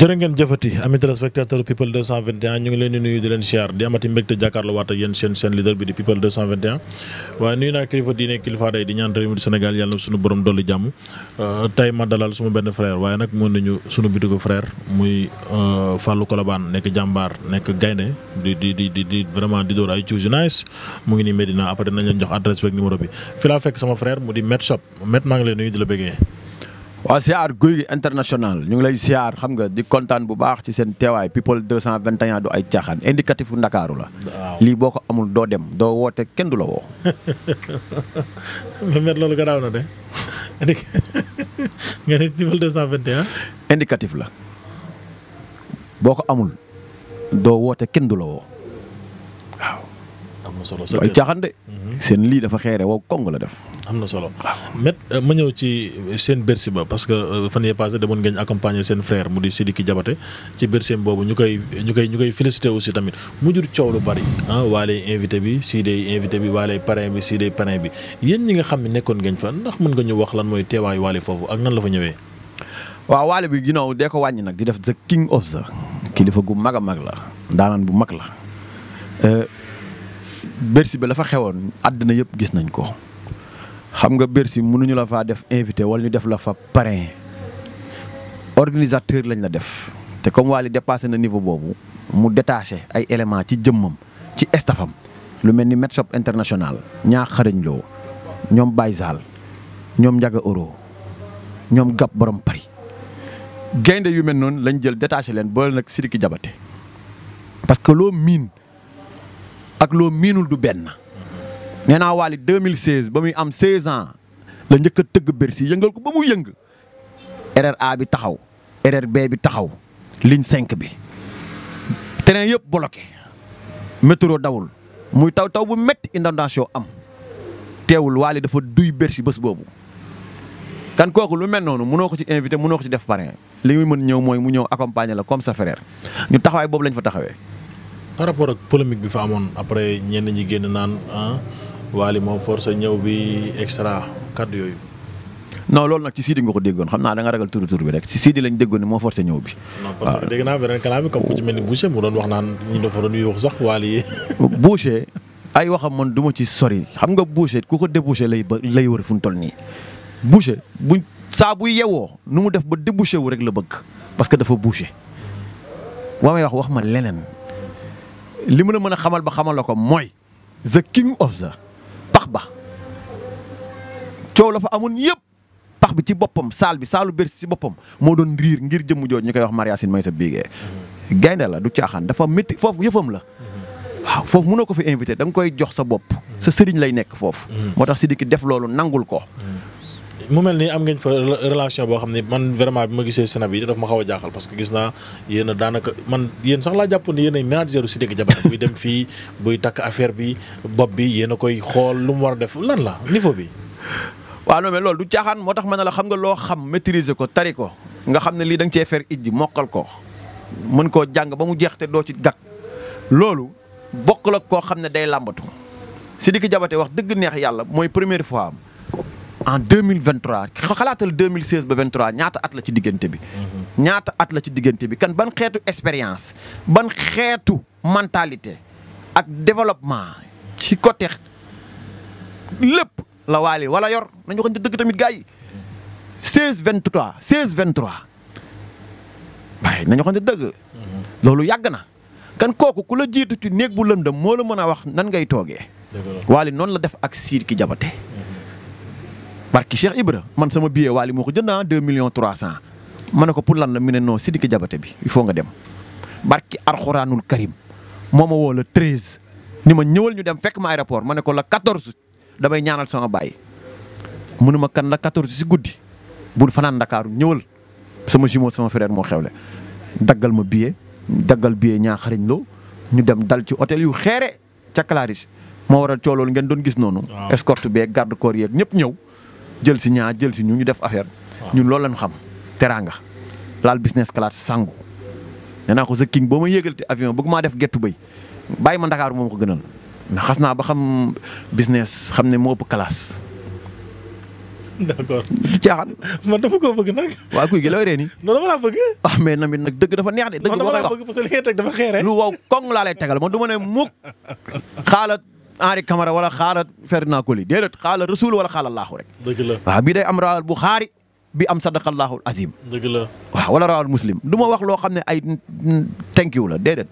jërë ngeen jëfati ami téléspectateur people 221 ñu ngi leen di nuyu di leen siyaar di amati mbégte jàkkaarloo waat ak yéen seen seen leader bi di people 221 waaye nuyu naa kilifa diine kilifa day di ñaan réew mi di Sénégal yàlla na suñu dolli jàmm euh, tey ma dalal suma benn frère waaye nag mën nañu suñu bitigu frère muy euh, Fallou Colobane nekk jàmbaar nekk gaynde di di di di vraiment di door ay choose nice mu ngi nii Medina après nañ leen jox adresse beeg numéro waaw siyaar guy gi international ñu ngi lay siyaar xam nga di kontaan bu baax ci seen teewaay people 221 du ay caaxaan indicatif ndakaaru la. lii boo ko amul doo dem doo woote kenn du la woo. mais loolu indicatif la boo ko amul doo woote kenn du la woo waaw. ay caaxaan de. seen lii dafa xeere wow kong la def. am na solo met euh, ma ñëw ci seen Bercy ba parce que euh, fan yee passé demoon ngeen accompagner seen frère mu di Sidiki Diabaté ci Bercy boobu ñu koy ñu koy ñu koy félicité aussi tamit mu jur coow lu bari ah waalee invité bi Sidey invité bi waalee parrain bi Sidey parrain bi yéen ñi nga xam ne nekkoon ngeen fa ndax mën nga ñu wax lan mooy teewaayu waale foofu ak nan la fa ñëwee. waaw waale bi ginnaaw dee ko wàññi nag di def the king of the kilifa gu mag a mag la daanaan bu mag la. Euh, Bercy bi la fa xewoon àddina yëpp gis nañ ko xam nga Bercy mënuñu la fa def invité wala ñu def la fa parrain organisateur lañ la def te comme Wally dépassé na niveau boobu mu détaché ay éléments ci jëmmam ci estafam lu mel ni Metshop international ñaa xarañ loo ñoom Baye ñoom Ndiaga Euro ñoom Gab borom Paris gaynde yu mel noonu lañ jël détaché leen boole nag Sidiki Diabaté parce que loo miin. ak loo miinul du benn nee naa Wally 2016 ba muy am 16 la njëkk a tëgg Bercy yëngal ko ba mu yëng RRA bi taxaw RRB bi taxaw liñ 5 bi terrain yëpp bloqué métro dawul muy taw taw bu métti inondation am teewul Wally dafa duy Bercy bés boobu kan kooku lu mel noonu mënoo ko ci invité mënoo ko ci def parrain li muy mën ñëw mooy mu ñëw accompagner la comme sa frère ñu taxawaay boobu lañ fa taxawee par rapport ak polémique bi fa amoon après ñenn ñi génn naan ah Wally moo forcé ñëw bi extra kàddu yooyu. non loolu nag ci Sidi nga ko déggoon xam naa da nga ragal turu tur bi rek si Sidi lañ déggoon ni moo forcé ñëw bi. non parce que ah. dégg naa beneen kalaam bi comme ku mel ni Boucher mu wax naan ñi dafa ma ci sori xam nga Boucher ku ko débouché lay ba lay wër fu mu toll nii Boucher buñ saa bu yewoo nu mu def ba débouché wu rek la bëgg parce que dafa Boucher. waa may wax wax ma leneen li ma a mën a xamal ba xamaloo la ko mooy the king of the pax ba coow la fa amoon yëpp pax bi ci boppam saal bi saalu Bercy ci boppam moo doon riir ngir jëmm jooju ñu koy wax Maria Sine sa Bigué gaynde la du caaxaan dafa métti foofu yëfam la waaw foofu mënoo ko fi invité danga koy jox sa bopp sa sëriñ lay nekk foofu mm. moo tax si Sidiki def loolu nangul ko mu mel ni am ngeen fa relation boo xam ne man vraiment bi ma gisee Sénégal yi daf ma xaw a jaaxal parce que gis naa yéen a daanaka man yéen sax laa jàpp ne yéen ay manager si dégg jabar buy dem fii buy takk affaire bi bopp bi yéen a koy xool lu mu war a def lan la niveau bi. waaw non mais loolu du caaxaan moo tax ma ne la xam nga loo xam maîtriser ko tari ko nga xam ne lii da nga cee fer ijji mokkal ko mën koo jàng ba mu jeex te doo ci gàkk loolu bokk la koo xam ne day làmbatu Sidiki Diabaté wax dëgg neex yàlla mooy première fois en 2023 xalaatal 2016 ba 23 ñaata at la ci diggante bi. Mm-hmm. ñaata at la ci diggante bi kan ban xeetu expérience ban xeetu mentalité ak développement ci côté lépp la waali wala yor nañu waxante dëgg tamit gars yi 16 23 16 23 waaye nañu waxante dëgg. Mm-hmm. loolu yàgg na kan kooku ku la jiitu ci néeg bu lëndëm moo la mën a wax nan ngay toogee. waali noonu la def ak siir ki jabate barki Cheikh Ibra man sama billet Wally moo ko jënd ah 2 millions 300 ma ne ko pour lan la mu ne non Sidiki Diabaté bi il faut nga dem. barki Alxuraanul Karim moo ma woo la 13 ni ma ñëwal ñu dem fekk ma aéroport ma ne ko la 14 damay ñaanal sama baay mënu ma kan la 14 si guddi bul fanaan Ndakaaru ñëwal sama jumeau sama frère moo xewle daggal ma billet daggal billet ñaa xariñ loo ñu dem dal ci hôtel yu xeere ca Clarisse moo waral coolool ngeen doon gis noonu. escorte beeg garde corps yeeg ñëpp ñëw. jël si ñaar jël si ñu ñu def affaire ñun loolu lañu xam teraanga laal business class sangu nee naa ko sa king boo ma yéegal te bëgg maa def gettu bay bàyyi ma ndakaaru moom ko gënal xas naa ba xam business xam ne moo ëpp classe. d'accord caaxaan. man dafa koo bëgg nag. waaw kuy gi looy ree nii. non dama laa bëgg. ah mais namit nag dëgg dafa neex de. dëgg boo koy xeere lu waaw koŋ laa lay tegal man du ma ne mukk xaala Henri Camara wala xaala Ferdinand Coly xaala rasul wala xaala laahu rek. dëgg la waaw am raawal Buxaari bi am sadaqallahul azim. dëgg la waaw wala raawal muslim du wax loo xam ne ay thank you la déedéet.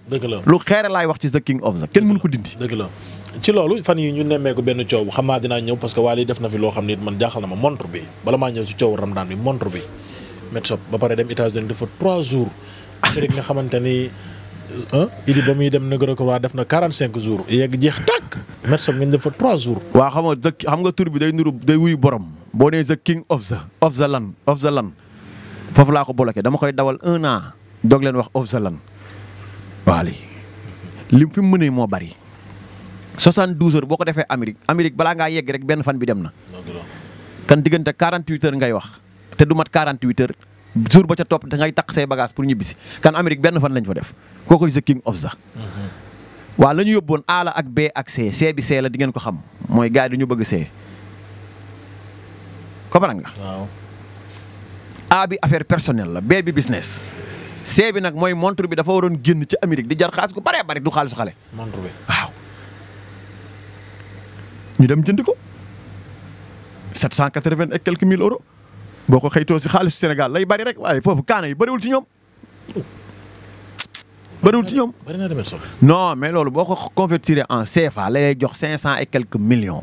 lu xeere laay wax ci the king of the kenn mënu ko dindi. dëgg ci loolu fan yi ñu nemmee ko benn coow xam naa dinaa ñëw parce que waa lii def na fi loo xam ne it man jaaxal na ma montre bi bala maa ñëw ci coowu Ramadan bi montre bi. Med Shop ba pare ah Idi ba muy dem Nicaragua def na 45 jours yegg jeex tàkk. médecin bi ngeen def fa 3 jours. waaw xam nga the xam nga tur bi day nuru day wuy borom boo nee the king of the of the land of the land foofu laa ko bloqué dama koy dawal un an doog leen wax of the land waaw li lim fi mu mën mënee moo bari 72 heures boo ko defee Amérique Amérique balaa ngaa yegg rek benn fan bi dem na. kan diggante 48 heures ngay wax te du mat 48 heures. jour ba ca topp da ngay takk say bagage pour ñibbisi kan Amérique benn fan lañ fa def kooku the king of the mm-hmm. waa la ñu yóbboon A ak B ak C C bi la di ko xam mooy gars yi ñu bëgg C. comprendre nga. waaw bi affaire personnelle la B bi business. C bi nag mooy montre bi dafa waroon génn ci Amérique di jar xaalis gu bare bare du xaalisu xale. montre waaw. ñu dem jënd ko. 780 et quelques mille euros. boo ko xëytoo si xaalisu Sénégal lay bari rek waaye foofu kaana yi bariwul ci ñoom. bariwul ci ñoom. bari na non mais loolu boo ko convertir en CFA lay jox cinq cent et quelques millions.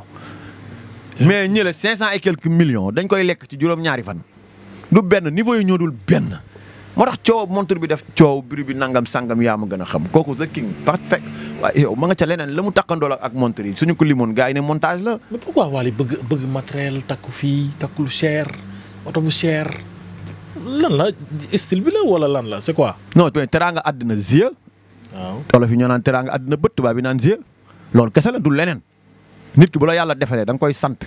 mais ñi cinq cent et quelques millions dañ koy lekk ci juróom-ñaari fan. du benn niveau yi ñoo dul benn. moo tax coow montre bi def coow biri bi nangam sangam yaa ma gën a xam kooku sa king fa fekk waaye yow ma nga ca leneen la mu takkandool ak montre yi suñu ko limoon gars yi ne montage la. mais pourquoi Wally bëgg bëgg matériel takku fii takku lu oto bu cher lan la style bi la wala lan la c'est quoi. non teraanga àddina ziya. waaw olof yi ñoo naan teraanga àddina bët tubaab bi naan ziya loolu kese la du leneen nit ki bu la yàlla defalee da nga koy sant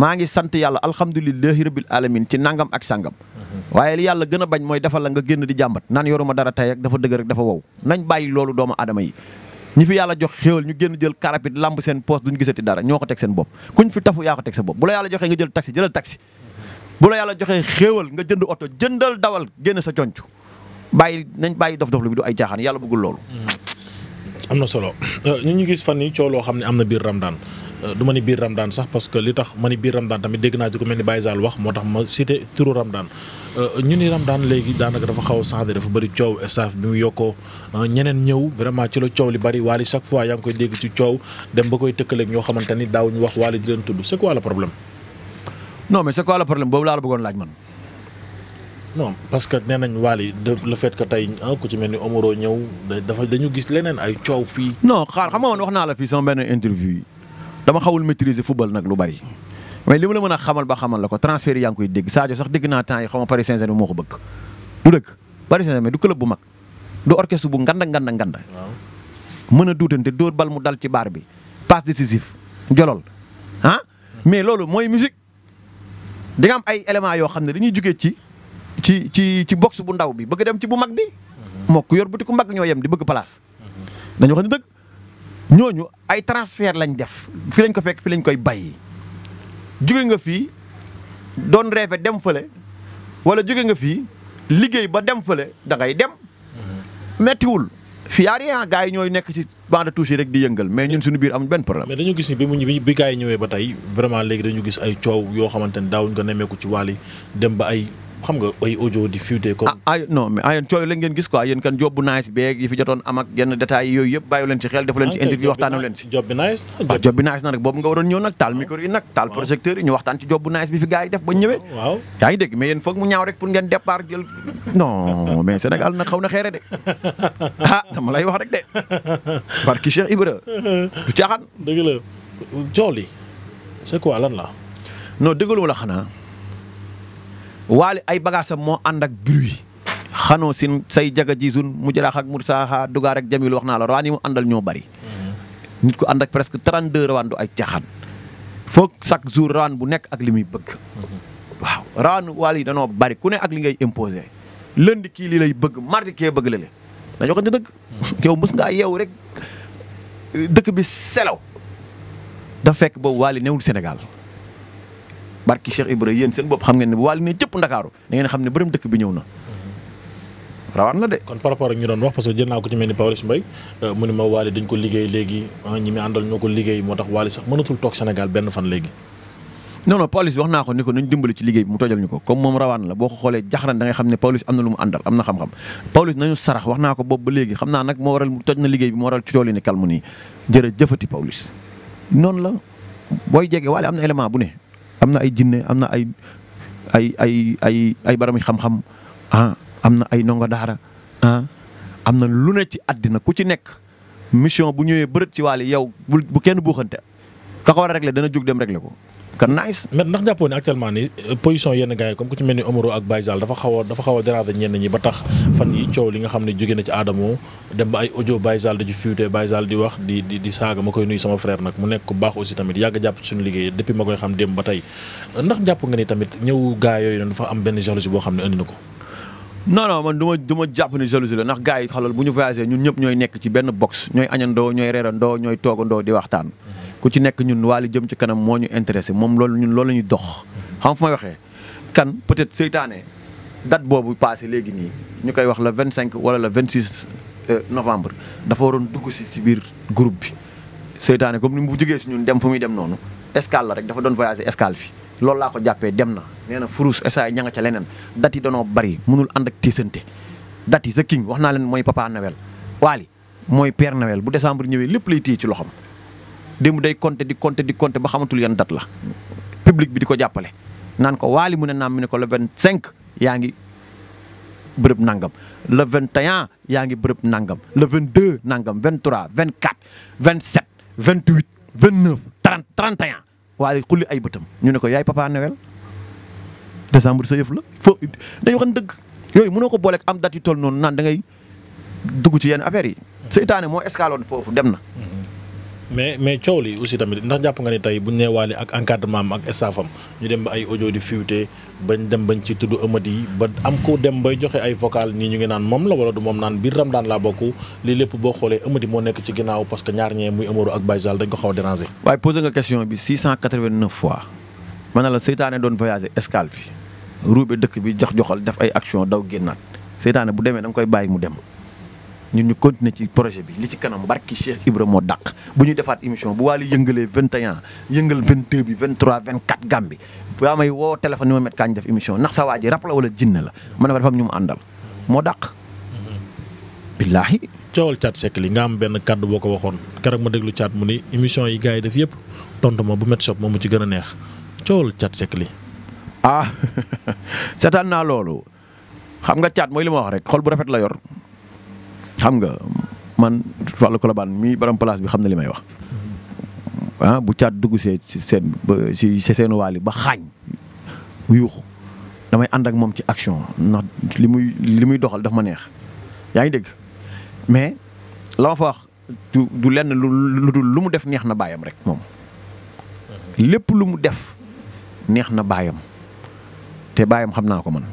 maa ngi sant yàlla alhamdulilahi rabil alamin ci nangam ak sangam. Mhm. waaye li yàlla gën a bañ mooy defal la nga génn di jàmbat naan yoruma dara tey rek dafa dëgg rek dafa wow nañ bàyyi loolu doomu aadama yi. ñi fi yàlla jox xéwal ñu génn jël karapit lamb seen poos la yàlla joxee nga jël taxi jëlal taxi bu la yàlla joxee xéewal nga jënd oto jëndal dawal génn sa conc bàyyi nañ bàyyi dof-dof lu bi du ay jaaxaan yàlla bëggul loolu. am na solo euh, ñu ñu gis fan yi coow loo xam ne am na biir Ramadan euh, du ma ni biir Ramadan sax parce que li tax ma ni biir Ramadan tamit dégg naa ci ku mel ni Baye Sall wax moo tax ma cité turu Ramadan euh, ñu ni Ramadan léegi daanaka dafa xaw a changé dafa bëri coow staff bi mu yokkoo ñeneen ñëw vraiment ci la coow li bëri waali chaque fois yaa ngi koy dégg ci coow dem ba koy ñoo xamante ni daaw wax waali di tudd c'est quoi le non mais c'est quoi problème boobu laa la bëggoon laaj man. non parce que nee nañ Wally de le fait que tey ah, ku ci mel ni Omaro ñëw dafa dañu gis leneen ay coow fii. non xaar xam nga woon wax naa la fii sama benn interview dama xawul maîtriser football nag lu bari mais li ma la mën a xamal ba xamal la ko transfert yi yaa ngi koy dégg Sadio sax dégg naa temps yi xaw ma Paris Saint-Germain moo ko bëgg. du dëgg Paris Saint-Germain du club bu mag du orchestre bu nganda a duutante dóor bal mu dal ci baar bi passe décisif jolol ah mais loolu mooy di am ay éléments yoo xam ne dañuy jugee ci ci ci ci box bu ndaw bi bëgg dem ci bu mag bi moo ku yor ku mag ñoo yem di bëgg place dañoo xam ne dëgg ñooñu ay transfert lañ def fi lañ ko fekk fi lañ koy bàyyi jóge nga fii doon rêve dem fële wala jóge nga fii liggéey ba dem fële da ngay dem mhm. mettiwul fii yaa rien gars yi ñooy nekk ci bande de rek di yëngal mais ñun suñu biir amuñ benn problème. mais dañu gis ni bi mu bi gars yi ñëwee ba tey vraiment léegi dañu gis ay coow yoo xamante ne daawuñ ko nemmeeku ci wàll dem ba ay xam nga ay audio di fuité comme. ah ay non cooy la ngeen gis quoi yéen kan job bu nice beeg yi fi jotoon am ak yenn détails yooyu yëpp bàyyi leen ci xel defu leen ci ah, interview waxtaanu leen ci. na job bi nice na ah, rek yi waxtaan ci bi fi gars yi def ba ñëwee. waaw yaa ngi dégg mais foog mu ñaaw rek pour ngeen départ jël non mais ah, lay wax rek de barki Cheikh Ibra du caaxaan. la jool yi c'est quoi lan la. non dëggaloo la xanaa waali ay bagaasam moo ànd ak bruit xanoo sin say jaga jisun mu jëlaax ak Moussa ha dugaar ak Jamil wax naa la rawaan yi mu àndal ñoo bari mm-hmm. nit ku ànd ak presque 32 rawaan du ay caaxaan foog chaque jour rawaan bu nekk ak li muy bëgg mm-hmm. waaw rawaan waal yi danoo bari ku ne ak li ngay imposé lundi kii lii lay bëgg mardi kee bëgg la le dañoo ko dëgg mm-hmm. yow mës ngaa yeew rek dëkk bi selaw da fekk boobu waali newul Sénégal barki Cheikh Ibra yéen seen bopp xam ngeen ne bu wàllu jëpp ndakaaru da xam ne bërëm dëkk bi ñëw na rawaan la de. kon par ak ñu doon wax parce que jël naa ko ci mel ni Pawlish Mbaye euh, mu ni ma Wally dañ ko liggéey léegi ah, ñi muy àndal ñoo ko liggéey moo tax Wally sax mënatul toog Sénégal benn fan léegi non non Pawlish wax naa ko ni ko nañ dimbali ci liggéey bi mu tojal ñu ko comme moom rawaan la boo ko xoolee jaxran da xam ne Pawlish am na lu ba léegi na liggéey bi moo waral ci tool yi ni kalmu nii jërëjëfati Pawlish noonu la booy jege Wally am na élément bu ne am na ay jinne am na ay ay ay ay ay barami xam-xam ah, am na ay ndongo daara ah, am na lu ne ci àddina ku ci nekk mission bu ñëwee bërët ci waale yow bu kenn buuxante ka ko war a régler dana jóg dem régler ko. kan nice. mais ndax jàppoo ne actuellement ni euh, position yenn gars comme ku ci mel ni Omaro ak Baye Zall dafa xaw a dafa a déranger ñenn ñi ba tax fan yi coow li nga xam ne jóge na ci Adamo dem ba ay audio Baye Zall di ci fuité Baye Zall di wax di di di saaga ma koy nuy sama frère nag mu nekk ku baax aussi tamit yàgg jàpp ci suñu liggéey depuis ma koy xam démb ba tey ndax jàpp nga ni tamit ñëw gars yooyu noonu dafa am benn jalousie boo xam ne andi na ko non non man du ma la ndax gars yi xalal bu ñu voyagé ñun ñëpp ñooy nekk ci benn box ñooy añandoo ñooy reerandoo ñooy toogandoo di waxtaan mhm. ku ci nekk ñun Wally jëm ci kanam moo ñu intéressé moom loolu ñun loolu la ñuy dox xam fu may waxee kan peut-être seytaane dat boobu passé léegi nii ñu koy wax le vingt cinq wala le vingt six euh, novembre dafa waroon dugg si si biir groupe bi seytaane comme ni mu jógee si ñun dem fu muy dem noonu escale la rek dafa doon voyager escale fi loolu laa ko jàppee dem na nee na furus essaay nga ca leneen dat yi danoo bari mënul ànd ak tiisante dat yi sa king wax naa leen mooy papa Noël mooy père Noël bu décembre ñëwee lépp lay téye ci loxam démb day compter di compter di compter ba xamatul yan date la public bi di ko jàppale naan ko waali mu ne naam mu ne ko la le 25 yaa ngi bërëb nangam le 21 yaa ngi bërëb nangam le 22 nangam 23 24 27 28 29 30 31 waali xulli ay bëtam ñu ne ko yaay papa Noël décembre sa yëf la fo dañu waxoon dëgg yooyu mënoo ko booleeg am date yi toll noonu naan da ngay dugg ci yenn affaires yi seytaane moo escaloon foofu dem na mais mais coow li aussi tamit ndax jàpp nga ni tey bu ñu nee Wally ak encadrement ak staff ñu dem ba ay audio di fuité bañ dem bañ ci tudd ëmat ba am ko dem bay joxe ay vocal nii ñu ngi naan moom la wala du moom naan biir Ramadan laa bokk lii lépp boo xoolee ëmat yi moo nekk ci ginnaaw parce que ñaar ñee muy Amadou ak Baye Sall dañ ko xaw a waaye posé nga question bi 689 fois ma ne la seytaane doon voyager escale bi ruube dëkk bi jox joxal def ay action daw génnaat seytaane bu demee da nga koy bàyyi mu dem. ñun ñu continuer ci projet bi li ci kanam barki Cheikh Ibra moo dàq bu ñu defaat émission bu Wally yëngalee 21 yëngal 22 bi 23 24 gam bi yaa may woo téléphone ni ma met kaa ñu def émission ndax sa waa ji rap la wala jinne la ma ne ko dafa am ñu mu àndal moo dàq. billaahi. coowal caat sekk li nga am benn kàddu boo ko waxoon keroog ma déglu caat mu ni émission yi gars yi def yëpp tontu ma bu met shop moom mu ci gën a neex coowal caat sekk li. ah seetaan naa loolu xam nga caat mooy li ma wax rek xol bu rafet la yor. xam nga man wàllu Colobane mii borom place bi xam na li may wax ah bu caat dugg see si seen si waali ba xaañ yuux damay ànd ak moom ci action ndax li muy li muy doxal daf ma neex yaa ngi dégg mais la ma fa wax du du lenn lu dul lu mu def neex na baayam rek moom lépp lu mu def neex na baayam te baayam xam naa ko man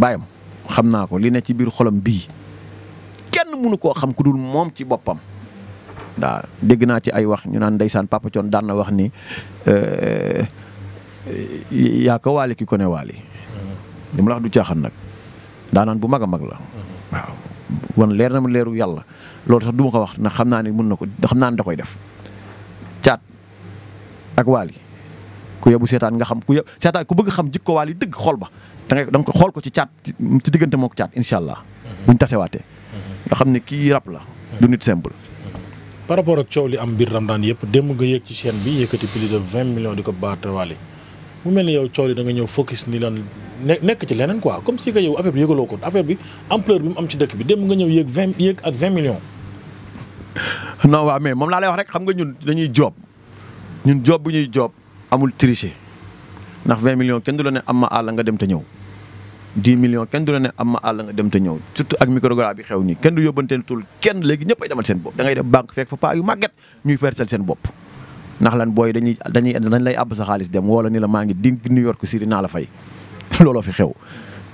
baayam xam naa ko li ne ci biir xolam bii kenn mënu koo xam ku dul moom ci boppam waaw dégg naa ci ay wax ñu naan ndeysaan Papa Thione daan na wax ni euh, euh, yaa ko waale ki ko ne waali li ma la wax du caaxaan nag daanaan bu mag a mag la waaw leer na ma leeru yàlla loolu sax du ma ko wax ndax xam naa ne mën na ko xam naa ne da koy def caat ak waali ku yebu seetaan nga xam ku yeb seetaan ku bëgg xam jikko waali dëgg xol ba da ngay da ko xool ko ci caat ci diggante mook caat incha allah. buñ tasewaatee. nga xam ne kii rab la. du nit simple. par rapport ak coow li am biir Ramadan yëpp démb nga yéeg ci seen bi yëkkati plus de vingt millions di ko baatawaale mu mel ni yow coow li da nga ñëw focus ni lan nekk ci leneen quoi comme si que yow affaire bi yëgaloo ko affaire bi ampleur bi mu am ci dëkk bi dem nga ñëw yéeg vingt yéeg ak vingt millions. non waaw mais moom laa la wax rek xam nga ñun dañuy joob ñun joob bu ñuy joob amul tricher ndax vingt millions kenn du ne am ma àll nga dem te ñëw. 10 millions kenn du la ne am ma àll nga dem te ñëw surtout ak microgras bi xew nii kenn du yóbbanteen tul kenn léegi ñëpp ay demal seen bopp da ngay def banque fekk fa paa yu màgget ñuy fersel seen bopp ndax lan booy dañuy àbb sa xaalis dem la ni la maa ngi di New York City naa la fay looloo fi xew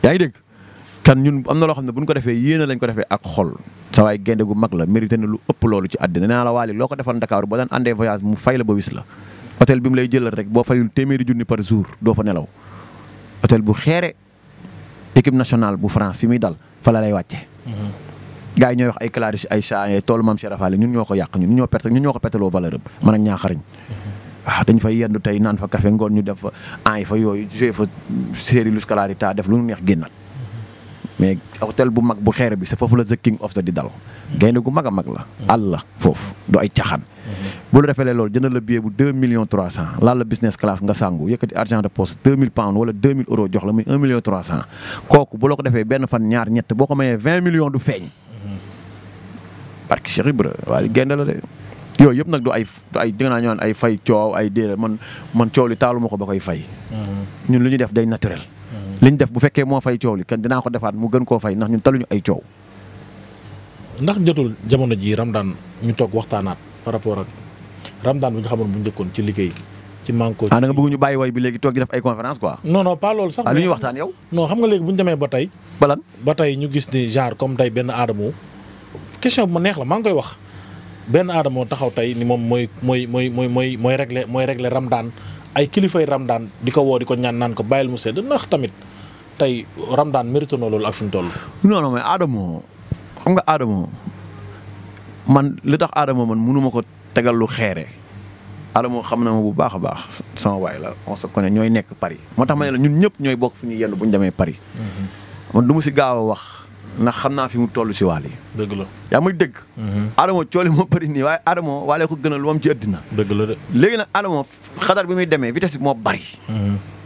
yaa ngi dégg kan ñun am na loo xam ne bu ñu ko defee yéene lañ ko defee ak xol sa waay gu mag la mérité na lu ëpp loolu ci àddina nee naa la waali loo ko defal Dakar boo daan àndee voyage mu fay la ba wis la hôtel bi mu lay jëlal rek boo fayul téeméeri junni par jour doo fa nelaw hôtel bu xeere équipe nationale bu France fi muy dal fa la lay wàcce mm-hmm. gars yi ñooy wax ay Clarisse ay Saa toolu maam Cheikh Fall ñun ñoo ko yàq ñun ñoo perte ñun ñoo ko perteloo valeur am man ak ñaaxariñ waaw mm-hmm. ah, dañ fay yendu tey naan fa café ngoon ñu def fa fa yooyu joué fa série taa def lu ñu neex génnaat mais hôtel bu mag bu xeere bi c'est foofu la the of the di dal gaynde gu mag a mag la àll la foofu du ay caxaan bu la defelee loolu jëndal la billet bu 2 millions 300 laal la business class nga sangu yëkkati argent de poste 2000 pounds wala 2000 euros jox la la ko defee benn fan ñaar ñett boo ko mayee 20 millions du feeñ barke Cheikh Ibra gaynde la de yooyu yëpp nag du ay ay dégg naa ñu naan ay fay coow ay déedéet man man coow li taaluma ko ba koy fay mm-hmm. ñun lu ñu def day naturel liñ def bu fekkee moo fay coow li kan dinaa ko defaat mu gën koo fay ndax ñun taluñu ay coow. ndax jotul jamono ji Ramadane ñu toog waxtaanaat par rapport ak Ramadane bi nga xamoon bu njëkkoon ci liggéey. ci manko ah da nga bëgg bàyyi way bi léegi toog di def ay conférence quoi. non non pas loolu sax. ah lu xam nga léegi bu ñu demee ba tey. balan ba tey ñu gis ni genre comme tey benn aadamoo question bu ma neex la maa ngi koy wax benn aadamoo taxaw tey ni moom mooy mooy mooy mooy mooy mooy régler mooy régler Ramadane ay kilifay Ramadane di ko woo di ko ñaan naan ko bàyyil mu sedd ndax tamit. tey Ramdaan mérite na loolu ak suñu toll. non non mais xam nga Adamo man li tax Adamo man mënu ma ko tegal lu xeere Adamo xam na bu baax a baax sama waay la ñooy nekk Paris moo tax ma ne la ñëpp ñooy bokk fu ñuy yenn bu demee Paris. Mm-hmm. man si gaaw a wax ndax xam naa fi mu toll si waal yi. la yaa may dëgg. Mm-hmm. Adamo coole moo bëri nii waaye Adamo waalee ko gënal lu am ci àddina. de léegi nag Adamo xadar bi muy demee vitesse bi moo bari. Mm-hmm.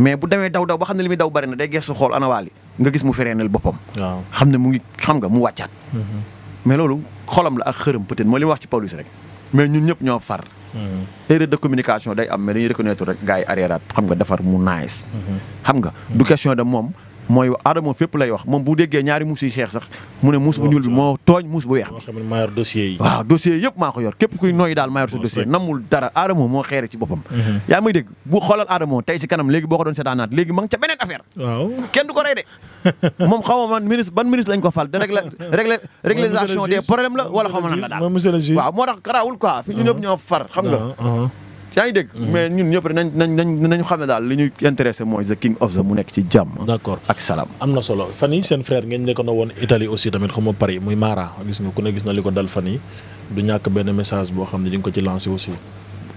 mais bu demee daw daw ba xam ne li muy daw bari na day geesu xool ana waali nga gis mu fereenel boppam. waaw xam ne mu ngi xam nga mu wàccaat. Mhm. mais loolu xolam la ak xërëm peut-être mooy li ma wax ci Pawlish rek mais ñun ñëpp ñoo far. Mhm. erreur de communication day am mais dañuy reconnaître rek gars yi arrière xam nga defar mu nice. Mhm. xam nga du question de moom. mooy Adamo fépp lay wax moom bu déggee ñaari muus yi xeex sax mu ne muus bu ñuul bi moo tooñ muus bu weex bi waaw dossier yi maa ko yor képp kuy nooyi daal maa yor sa dossier namul dara Adamo moo xeere ci boppam mhm. yaa may dégg bu xoolal Adamo tey si kanam léegi boo ko doon seetaanaat léegi ma ngi ca beneen affaire waaw kenn du de moom xaw ma ban ministre lañ ko fal de régler régler régularisation des problèmes la far xam nga ah, ah. yaa ngi dégg. Mhm. mais ñun ñëpp rek nañ nañ nañu xam ne daal li ñu intéressé mooy the king of the mu nekk ci jàmm. d'accord ak salaam. am na solo fan yii seen frère ngeen nekkoon woon Italie aussi tamit xam nga Paris muy Mara gis gis na li ko dal fan yii message boo xam ne di nga ko ci lancé aussi.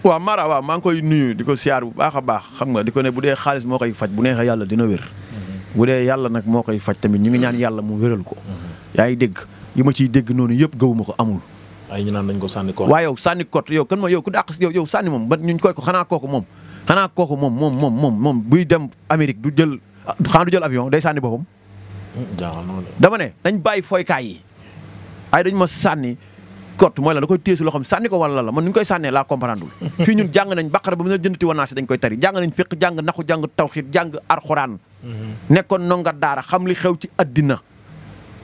waaw Mara waaw maa ngi koy nuyu di ko siyaar bu baax a baax xam nga di ko ne bu dee xaalis moo koy faj bu neexee yàlla dina wér. Mhm. bu dee yàlla nag moo koy faj tamit ñu ngi ñaan yàlla mu wéral ko. Mhm. yaa ngi dégg yi ma ciy dégg noonu yëpp gëwuma ko amul ay ñu naan nañ ko sànni kot. waaw yow sànni kot yow kan ma yow ku dàq yow sànni moom ba ñu koy ko xanaa kooku moom moom moom moom moom moom buy dem Amérique du jël xanaa du jël avion day sànni boppam. Hmm, jaaxal na dama ne dañ bàyyi fooykaay yi ay dañ ma sànni kot mooy la da koy téye si loo xam sànni ko wala la man ni ñu koy sànnee laa comprendre lul fii ñun jàng nañ baqara ba mu na jëndati wanaasi dañ koy tari jàng nañ fiq jàng naxu jàng tawxiid jàng arxuraan hmm. nekkoon nonga daara xam li xew ci addina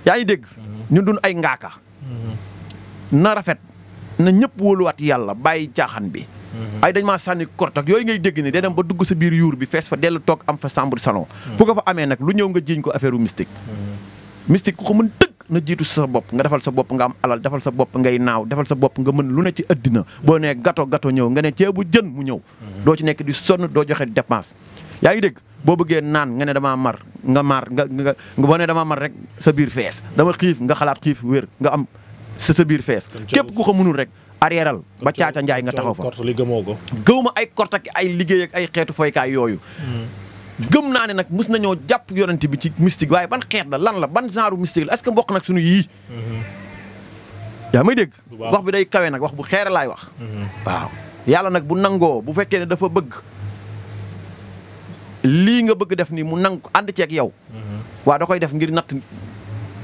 yaa ngi dégg hmm. ñun dun ay ngaaka na rafet na ñëpp wóoluwaat yàlla bàyyi caaxaan bi. Mhm. ay dañ maa sànni kort yooyu ngay dégg ni day dem ba dugg sa biir yuur bi fees fa dellu toog am fa chambre salon. Mhm. fu ko fa amee nag lu ñëw nga jiiñ ko affaire mystique. Mhm. mystique ku ko mën tëgg na jiitu sa bopp nga defal sa bopp nga am alal defal sa bopp ngay naaw defal sa bopp nga mën lu ne ci ëddina boo nee gato gato ñëw nga ne ceebu jën mu ñëw. doo ci nekk di sonn doo joxe dépense. yaa ngi dégg boo bëggee naan nga ne damaa mar nga mar nga nga boo nee damaa mar rek sa biir fees dama xiif nga xalaat xiif wér nga am sa sa biir fees képp ku ko mënul rek arriéral ba caaca njaay nga taxaw fa gëw ma ay korte ak ay liggéey ak ay xeetu foykaay yooyu hmm. gëm naa ne nag mus nañoo jàpp yonent bi ci mystique waaye ban xeet la lan la ban genre mystique la est-ce que mbokk nag suñu yii hmm. yaa may dégg wax bi day kawe nag wax bu xeere laay wax hmm. waaw yàlla nag bu nangoo bu fekkee ne dafa bëgg lii nga bëgg def nii mu nangu ànd ceeg yow waa da koy def ngir natt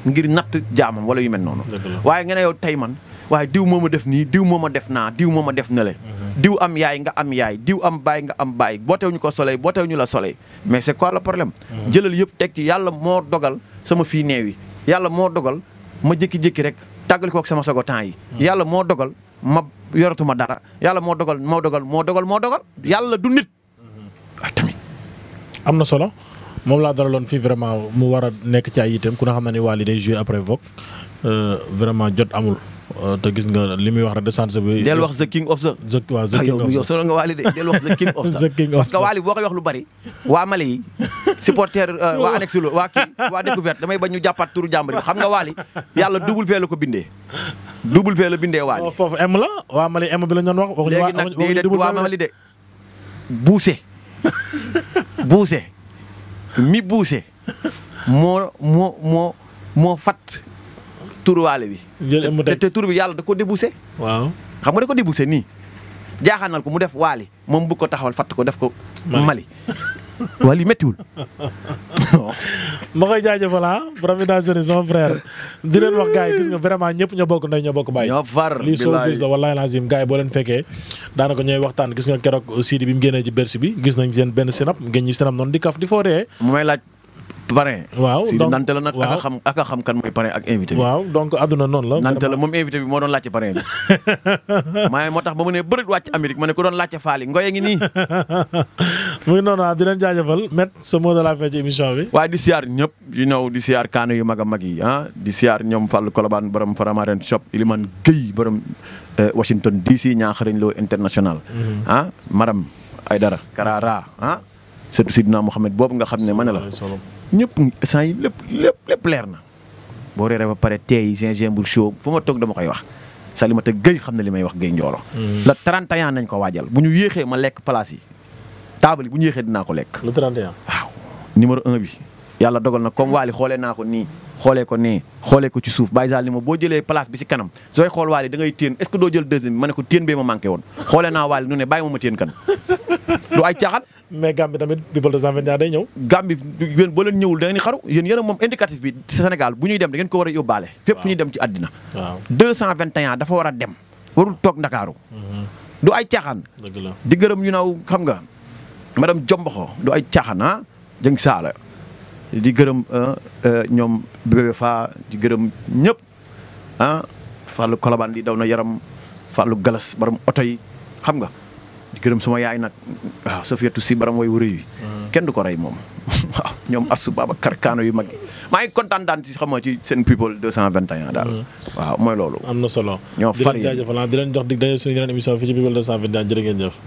ngir natt jaamam wala yu mel noonu waaye nga a yow tey man waaye diw moo ma def nii diw moo ma def naa diw moo ma def na le mhm. diw am yaay nga am yaay diw am baay nga am baay boo bootew ñu ko soleil bootew ñu la soleil mais c'est quoi le problème mhm. jëlal yëpp teg ci yàlla moo dogal sama fii neew yàlla moo dogal ma jékki-jékki rek tàggali ko sama sago temps yi mhm. yàlla moo dogal ma yoratuma dara yàlla moo dogal moo dogal moo dogal moo dogal yàlla du nit ah tamit na solo moom laa daraloon fii vraiment mu war nekk ci ay itam ku ne xam na ni Wally day joué après Vogue euh, vraiment jot amul euh, te gis nga li muy wax rek de sens bi. del wax the king of the. the waaw the ah, king of yow wax the king of the. parce que Wally boo koy wax lu bari waa Mali yi supporter euh, waa annexe lo waa kii waa découverte may bañ ñu jàppaat turu jàmbur xam nga Wally yàlla double V la ko bindee. double V la bindee Wally. Oh, foofu M la waa Mali M bi la ñu doon wax. waxuñu waa waxuñu double V léegi nag déedéet de. Buuse mi buuse moo moo moo moo fat turuwaale bi. te tur bi yàlla da ko débousé. waaw xam nga da ko débousé nii. jaaxaanal ko mu def waali moom bu ko taxawal fatt ko def ko Mali waa lii méttiwul. ma koy jaajëfal ah Providence son frère di wax gars gis nga vraiment ñëpp ñoo bokk ndey ñoo bokk bàyyi. ñoo far lii soo gis la wallaahi lazim gars yi boo leen fekkee daanaka ñooy waxtaan gis nga keroog Sidi bi mu génnee ci Bercy bi gis nañ seen benn sinap ngeen ñi sinap noonu di kaf di foo parrain. waaw donc nante la nag ak xam xam kan mooy parrain ak waaw donc àdduna noonu la. nante la moom invité bi moo doon laajte parrain bi. maa moo tax ba mu ne bëreet wàcc Amérique ma ne ku doon laajte faali ngoye ngi nii. muy noonu ah di leen jaajëfal met sa mot de la fin ci émission bi. waaye di siyaar ñëpp yu ñëw di siyaar kaanu yu mag a mag yi ah di siyaar ñoom Fall Kolobaan borom Faramaren shop Iliman Guèye borom eh, Washington DC ñaaxarañ loo international. Mm-hmm. ah madame Aydara Karara ah. surtout Sidina Mohamed boobu nga xam ne ma ne la. ñëpp sant yi lépp lépp lépp leer na boo reeree ba pare teey gingembre chaud fu ma toog dama koy wax Salimata Gueye xam na li may wax Gueye Ndioro mm-hmm. le 31 nañ ko waajal bu ñu yéexee ma lekk place yi taabal yi bu ñu yéexee dinaa ko lekk le 31 waaw numéro 1 bi yàlla dogal na comme waali xoolee naa ko nii xoolee ko nii xoolee ko ci suuf bàyyi sal ni boo jëlee place bi si kanam sooy xool waali da ngay est doo jël deuxième ma ne ko téen bee ma manqué woon xoolee naa mais Gambie tamit People 221 day ñëw Gambie yéen boo leen ñëwul da ngeen xaru yéen yéen moom indicatif bi Sénégal bu ñuy dem da ngeen ko war a yóbbaale fépp fu ñuy dem ci àddina waaw 221 dafa war a dem warul toog Ndakaaru mm-hmm. du ay caaxaan di gërëm ñu naw xam nga madame Jomboxo du ay caaxaan ah, saala di gërëm ah, eh, ñoom bébé fa di gërëm ñëpp ah Fallou Kolobaan di daw na yaram Fallou Galas borom oto yi xam nga di gërëm suma yaay nag waaw Safiyatu si baram way wërëy wi mm. kenn du ko rey moom waaw ñoom asu Babacar Kaano yu mag maa ngi kontaan daan ci xam nga ci seen people 221 daal mm. waaw mooy loolu am na solo ñoo far di leen jox dig daje suñu yeneen émission fii ci people 221 jërë ngeen jëf